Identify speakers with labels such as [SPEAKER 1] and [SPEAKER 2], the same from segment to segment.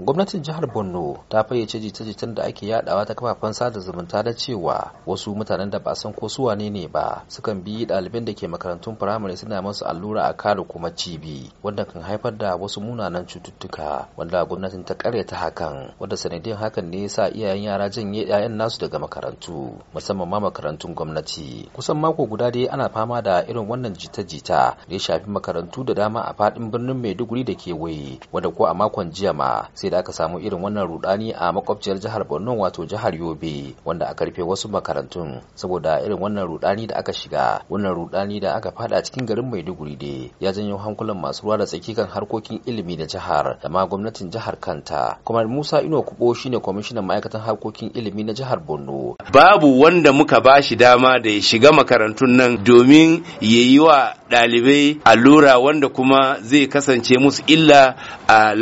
[SPEAKER 1] gwamnatin jihar borno ta fayyace jita-jitan da ake yadawa ta kafafen sada zumunta da cewa wasu mutanen da ba san ko su wane ne ba sukan bi ɗaliban da ke makarantun firamare suna masu allura a kare kuma cibi wanda kan haifar da wasu munanan cututtuka wanda gwamnatin ta ta hakan wanda sanadin hakan ne sa iyayen yara janye 'ya'yan nasu daga makarantu musamman ma makarantun gwamnati kusan mako guda dai ana fama da irin wannan jita-jita da ya shafi makarantu da dama a faɗin birnin maiduguri da kewaye wanda ko a makon jiya ma sai da aka samu irin wannan rudani a makwabciyar jihar Borno wato jihar Yobe wanda aka rufe wasu makarantun saboda irin wannan rudani da aka shiga wannan rudani da aka fada cikin garin Maiduguri ne ya janyo hankulan masu ruwa da tsaki kan harkokin ilimi da jihar da ma gwamnatin jihar kanta kuma Musa Ino Kubo shine kwamishinan ma'aikatan harkokin ilimi na jihar Borno
[SPEAKER 2] babu wanda muka bashi dama da ya shiga makarantun nan domin yayi wa ɗalibai allura wanda kuma zai kasance musu illa a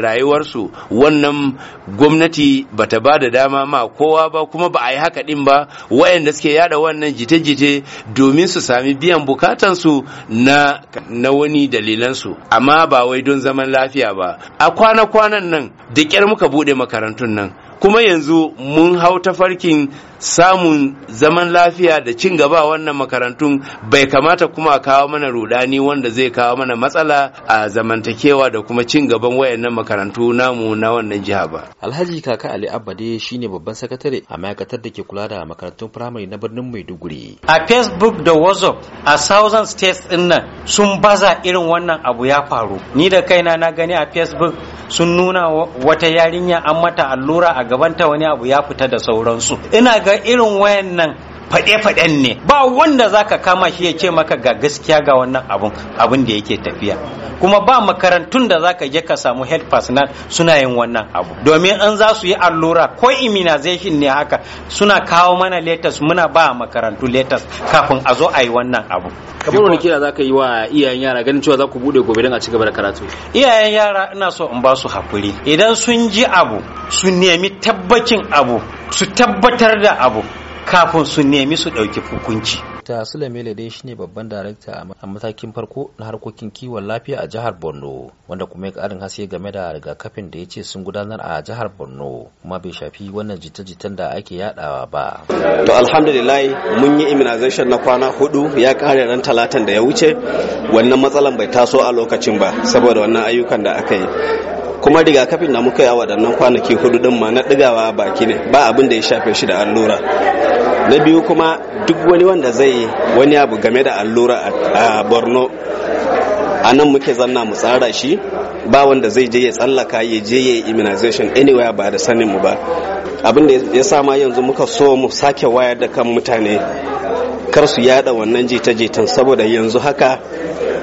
[SPEAKER 2] rayuwarsu wannan gwamnati ba ta ba da dama ma kowa ba kuma ba a yi haka din ba wayanda suke yada wannan jite-jite domin su sami biyan bukatansu na, na wani dalilansu amma ba wai don zaman lafiya ba a kwana-kwanan nan da ƙyar muka buɗe makarantun nan kuma yanzu mun hau tafarkin samun zaman lafiya da cin gaba wannan makarantun bai kamata kuma a kawo mana rudani wanda zai kawo mana matsala a zamantakewa da kuma cin gaban wayannan makarantu namu na wannan jiha ba. Alhaji Kaka Ali Abade shine babban sakatare a ma'aikatar da ke kula da
[SPEAKER 1] makarantun firamare na birnin Maiduguri.
[SPEAKER 3] A Facebook da WhatsApp a Southern States din sun baza irin wannan abu ya faru. Ni da kaina na gani a Facebook sun nuna wata yarinya an mata allura a gabanta wani abu ya fita da sauransu. Ina ga irin wayan nan faɗe-faɗen ne ba wanda zaka kama shi ya ce maka ga gaskiya ga wannan abun abun da yake tafiya kuma ba makarantun da zaka je ka samu health personnel suna yin wannan abu domin an za su yi allura ko immunization ne haka suna kawo mana letters muna ba makarantu letters kafin a zo a yi wannan abu kamar wani kira zaka yi wa iyayen yara ganin cewa za ku bude gobe don a ci gaba da karatu iyayen yara ina so in ba su hakuri idan sun ji abu su nemi tabbacin abu su tabbatar da abu kafin su nemi su ɗauki hukunci.
[SPEAKER 1] ta sulemele dai ne babban darakta a matakin farko na harkokin kiwon lafiya a jihar Borno wanda kuma ya karin haske game da rigakafin da ya ce sun gudanar a jihar Borno kuma bai shafi wannan jita-jitan da ake yadawa ba.
[SPEAKER 4] To alhamdulillah mun yi immunization na kwana hudu ya kare ran talatan da ya wuce wannan matsalan bai taso a lokacin ba saboda wannan ayyukan da aka yi. kuma rigakafin da muka yi a waɗannan kwanaki hudu din ma na ɗigawa baki ne ba abin da ya shafe shi da allura na biyu kuma duk wani wanda zai wani abu game da allura a borno a nan muke zanna mu tsara shi ba wanda zai je ya tsallaka ya je ya immunization anywhere ba da sanin mu ba abin da ya sa ma yanzu muka so mu sake wayar da kan mutane kar su yada wannan jita-jitan saboda yanzu haka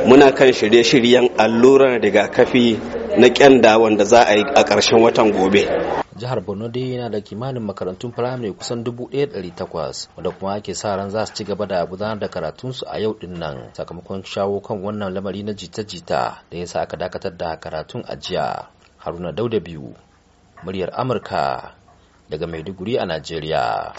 [SPEAKER 4] muna kan shirye-shiryen allurar rigakafi na kyanda wanda za a yi a ƙarshen watan gobe
[SPEAKER 1] jihar borno dai yana da kimanin makarantun firamare kusan 1,800 wanda kuma ake sa ran za su ci gaba da gudanar da karatunsu a yau din nan sakamakon shawo kan wannan lamari na jita-jita da yasa aka dakatar da karatun a haruna dauda biyu muryar amurka daga maiduguri a najeriya